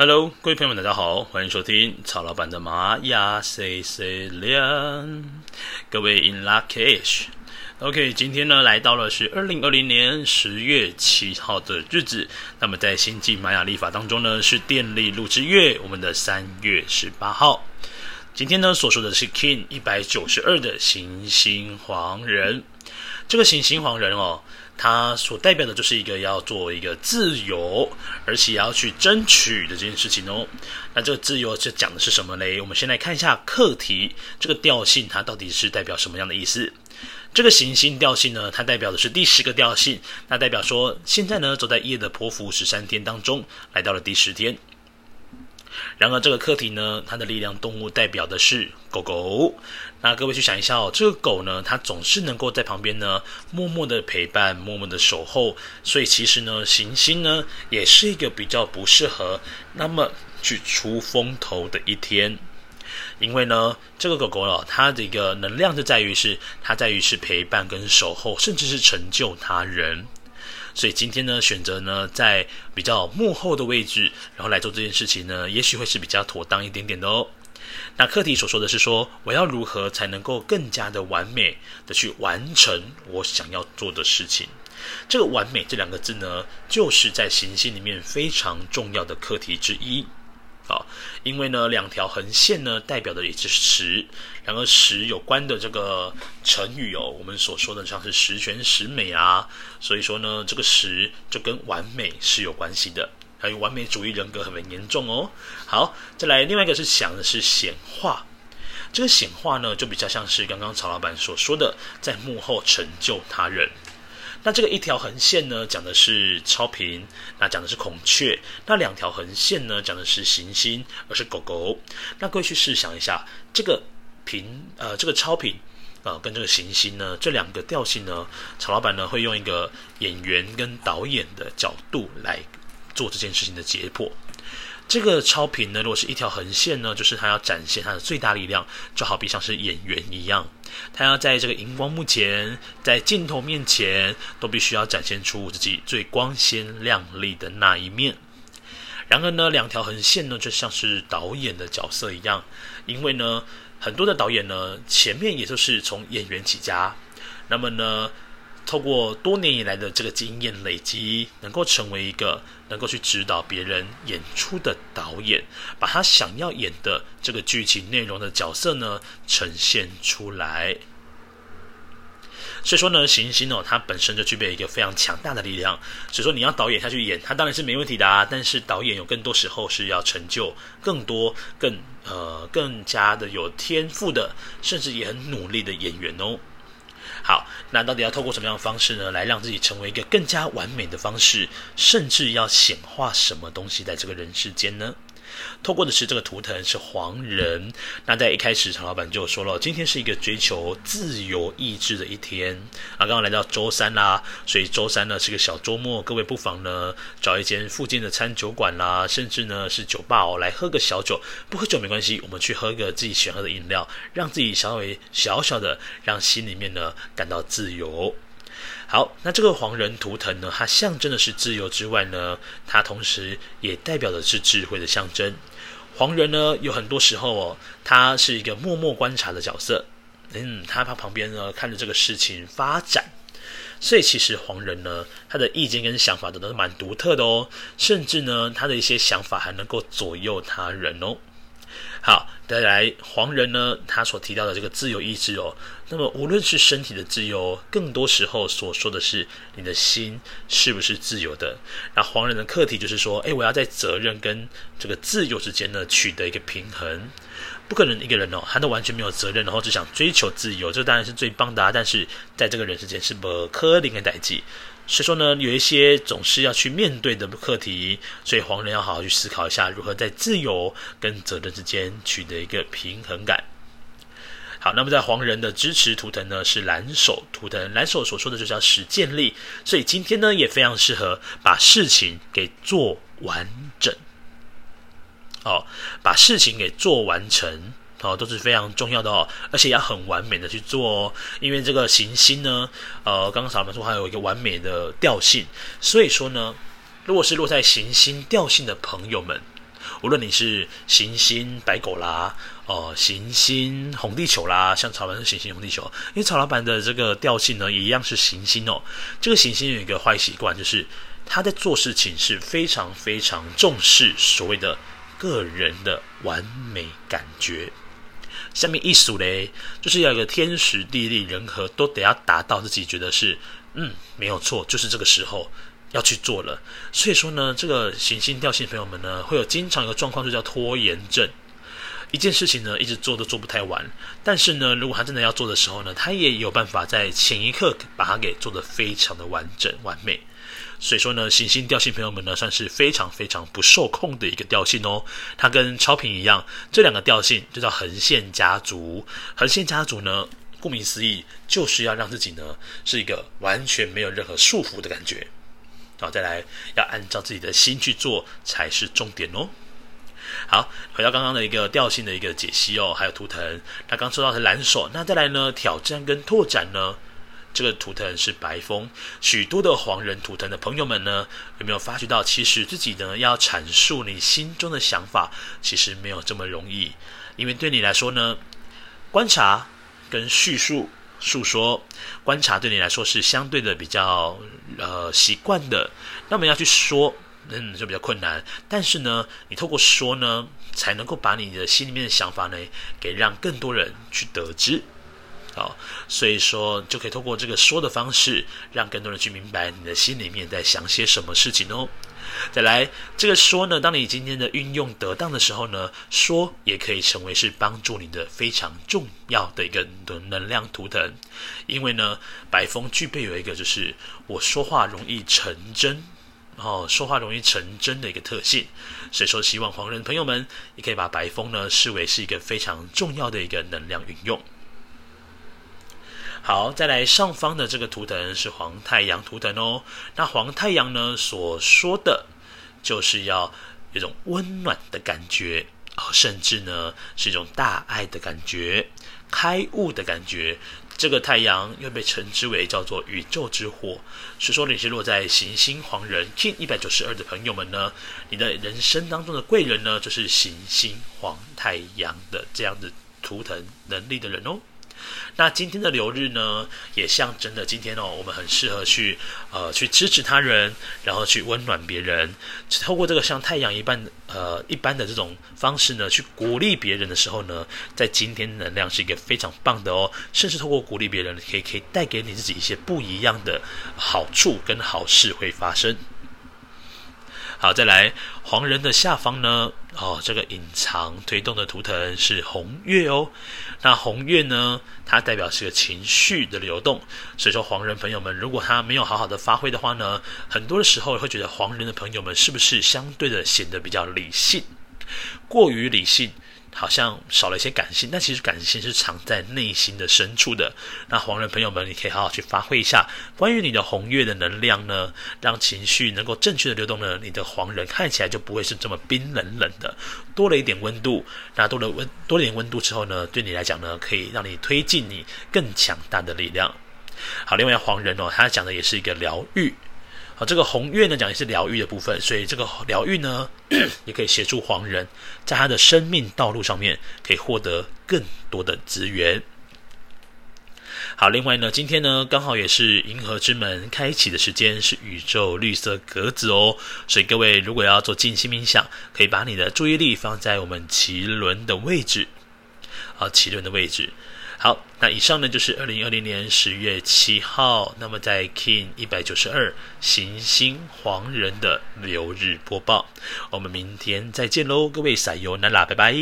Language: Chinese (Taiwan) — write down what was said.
Hello，各位朋友們，大家好，歡迎收聽草老闆的瑪雅 C C 兩，各位 In lak'ech，OK，okay, 今天呢來到了是二零二零年十月七號的日子，那麼在星際瑪雅曆法當中呢是電力鹿之月，我們的三月十八號，今天呢所說的是 Kin 一百九十二的行星黃人，這個行星黃人哦。它所代表的就是一個要做一個自由，而且要去爭取的這件事情哦。那這個自由是講的是什麼嘞？我們先來看一下課題這個調性，它到底是代表什麼樣的意思？這個行星調性呢，它代表的是第十個調性。那代表說，現在呢，走在夜的波符十三天當中，來到了第十天。然而，這個課題呢，它的力量動物代表的是狗狗。那各位去想一下哦，這個狗呢，它總是能夠在旁邊呢，默默的陪伴，默默的守候。所以，其實呢，行星呢，也是一個比較不適合那麼去出風頭的一天。因為呢，這個狗狗哦，它的一個能量就在於是它在於是陪伴跟守候，甚至是成就他人。所以今天呢，選擇呢在比較幕後的位置，然後來做這件事情呢，也許會是比較妥當一點點的哦。那課題所說的是說，我要如何才能夠更加的完美的去完成我想要做的事情？這個“完美”這兩個字呢，就是在行星裡面非常重要的課題之一。好，因為呢，兩條橫線呢，代表的也是十，然後十有關的這個成語哦，我們所說的像是十全十美啊，所以說呢，這個十就跟完美是有關係的，還有完美主義人格很嚴重哦。好，再來另外一個是想的是顯化，這個顯化呢，就比較像是剛剛草老闆所說的，在幕後成就他人。那這個一條橫線呢，講的是超頻，那講的是孔雀；那兩條橫線呢，講的是行星，而是狗狗。那各位去試想一下，這個頻呃，這個超頻啊、呃，跟這個行星呢，這兩個調性呢，草老闆呢會用一個演員跟導演的角度來做這件事情的解剖。這個超頻呢，如果是一條橫線呢，就是它要展現它的最大力量，就好比像是演員一樣，它要在這個熒光幕前，在鏡頭面前，都必須要展現出自己最光鮮亮麗的那一面。然而呢，兩條橫線呢，就像是導演的角色一樣，因為呢，很多的導演呢，前面也就是從演員起家，那麼呢。透過多年以來的這個經驗累積，能夠成為一個能夠去指導別人演出的導演，把他想要演的這個劇情內容的角色呢，呈現出來。所以說呢，行星哦，它本身就具備一個非常強大的力量。所以說，你要導演下去演，他當然是沒問題的啊。但是導演有更多時候是要成就更多、更呃、更加的有天賦的，甚至也很努力的演員哦。好，那到底要透過什麼樣的方式呢，來讓自己成為一個更加完美的方式，甚至要顯化什麼東西在這個人世間呢？透過的是這個圖騰是黃人，那在一開始草老闆就說了，今天是一個追求自由意志的一天啊，剛剛來到周三啦，所以周三呢是個小周末，各位不妨呢找一間附近的餐酒館啦，甚至呢是酒吧哦，來喝個小酒，不喝酒沒關係，我們去喝個自己喜歡喝的飲料，讓自己稍微小小的，讓心裡面呢感到自由。好，那這個黃人圖騰呢，它象徵的是自由之外呢，它同時也代表的是智慧的象徵。黃人呢，有很多時候哦，他是一個默默觀察的角色，嗯，他他旁邊呢看着這個事情發展，所以其實黃人呢，他的意見跟想法都是蠻獨特的哦，甚至呢，他的一些想法還能夠左右他人哦。好，再來黃人呢？他所提到的這個自由意志哦，那麼無論是身體的自由，更多時候所說的是你的心是不是自由的？那黃人的課題就是說，哎，我要在責任跟這個自由之間呢取得一個平衡。不可能一個人哦，他都完全沒有責任，然後只想追求自由，這當然是最棒的，啊。但是在這個人世間是不可能的代誌。所以說呢，有一些總是要去面對的課題，所以黃人要好好去思考一下，如何在自由跟責任之間取得一個平衡感。好，那麼在黃人的支持圖騰呢，是藍手圖騰，藍手所說的就叫實踐力，所以今天呢也非常適合把事情給做完整，好，哦，把事情給做完成。哦，都是非常重要的哦，而且也要很完美的去做哦，因為這個行星呢，呃，剛剛草老闆說還有一個完美的調性，所以說呢，如果是落在行星調性的朋友們，無論你是行星白狗啦，哦、呃，行星紅地球啦，像草老板是行星紅地球，因為草老闆的這個調性呢，也一樣是行星哦。這個行星有一個壞習慣，就是他在做事情是非常非常重視所謂的個人的完美感覺。下面一數嘞，就是要有個天時地利人和，都得要達到自己覺得是，嗯，沒有錯，就是這個時候要去做了。所以說呢，這個行星調性的朋友們呢，會有經常一個狀況，就叫拖延症，一件事情呢，一直做都做不太完。但是呢，如果他真的要做的時候呢，他也有辦法在前一刻把它給做得非常的完整完美。所以說呢，行星調性朋友們呢，算是非常非常不受控的一個調性哦。它跟超頻一樣，這兩個調性就叫橫線家族。橫線家族呢，顧名思義，就是要讓自己呢是一個完全沒有任何束縛的感覺。好，再來要按照自己的心去做才是重點哦。好，回到剛剛的一個調性的一個解析哦，還有圖騰。那剛說到是藍手，那再來呢挑戰跟拓展呢？這個圖騰是白風，許多的黃人圖騰的朋友們呢，有沒有發覺到，其實自己呢要闡述你心中的想法，其實沒有這麼容易，因為對你來說呢，觀察跟敘述訴說，觀察對你來說是相對的比較呃習慣的，那麼要去說，嗯，就比較困難。但是呢，你透過說呢，才能夠把你的心裡面的想法呢，給讓更多人去得知。好，所以說就可以透過這個說的方式，讓更多人去明白你的心裡面在想些什麼事情哦。再來，這個說呢，當你今天的運用得當的時候呢，說也可以成為是幫助你的非常重要的一個能量圖騰。因為呢，白風具備有一個就是我說話容易成真哦，說話容易成真的一個特性。所以說，希望黃人朋友們也可以把白風呢視為是一個非常重要的一個能量運用。好，再來上方的這個圖騰是黃太陽圖騰哦。那黃太陽呢，所說的，就是要有一種溫暖的感覺，哦，甚至呢是一種大愛的感覺，開悟的感覺。這個太陽又被稱之為叫做宇宙之火。所以說你是落在行星黃人 kin 192的朋友們呢，你的人生當中的貴人呢，就是行星黃太陽的這樣子圖騰能力的人哦。那今天的流日呢，也象徵著今天哦，我們很適合去呃去支持他人，然後去溫暖別人，透過這個像太陽一般呃一般的這種方式呢，去鼓勵別人的時候呢，在今天能量是一個非常棒的哦，甚至透過鼓勵別人，可以可以帶給你自己一些不一樣的好處跟好事會發生。好，再來黃人的下方呢，哦，這個隱藏推動的圖騰是紅月哦。那紅月呢，它代表是個情緒的流動。所以說，黃人朋友們，如果他沒有好好的發揮的話呢，很多的時候會覺得黃人的朋友們是不是相對的顯得比較理性，過於理性。好像少了一些感性，但其實感性是藏在內心的深處的。那黃人朋友們，你可以好好去發揮一下關於你的紅月的能量呢，讓情緒能夠正確的流動呢，你的黃人看起來就不會是這麼冰冷冷的，多了一點溫度，那多了溫多了一點溫度之後呢，對你來講呢，可以讓你推進你更強大的力量。好，另外一個黃人哦，他講的也是一個療癒。這個紅月呢，講的是療癒的部分，所以這個療癒呢，也可以協助黃人，在他的生命道路上面，可以獲得更多的資源。好，另外呢，今天呢，剛好也是銀河之門開啟的時間，是宇宙綠色格子哦，所以各位如果要做靜心冥想，可以把你的注意力放在我們臍輪的位置，啊，臍輪的位置。好，那以上呢，就是二零二零年十月七號，那麼在 Kin 一百九十二行星黃人的流日播報，我們明天再見嘍，各位撒由那拉，拜拜。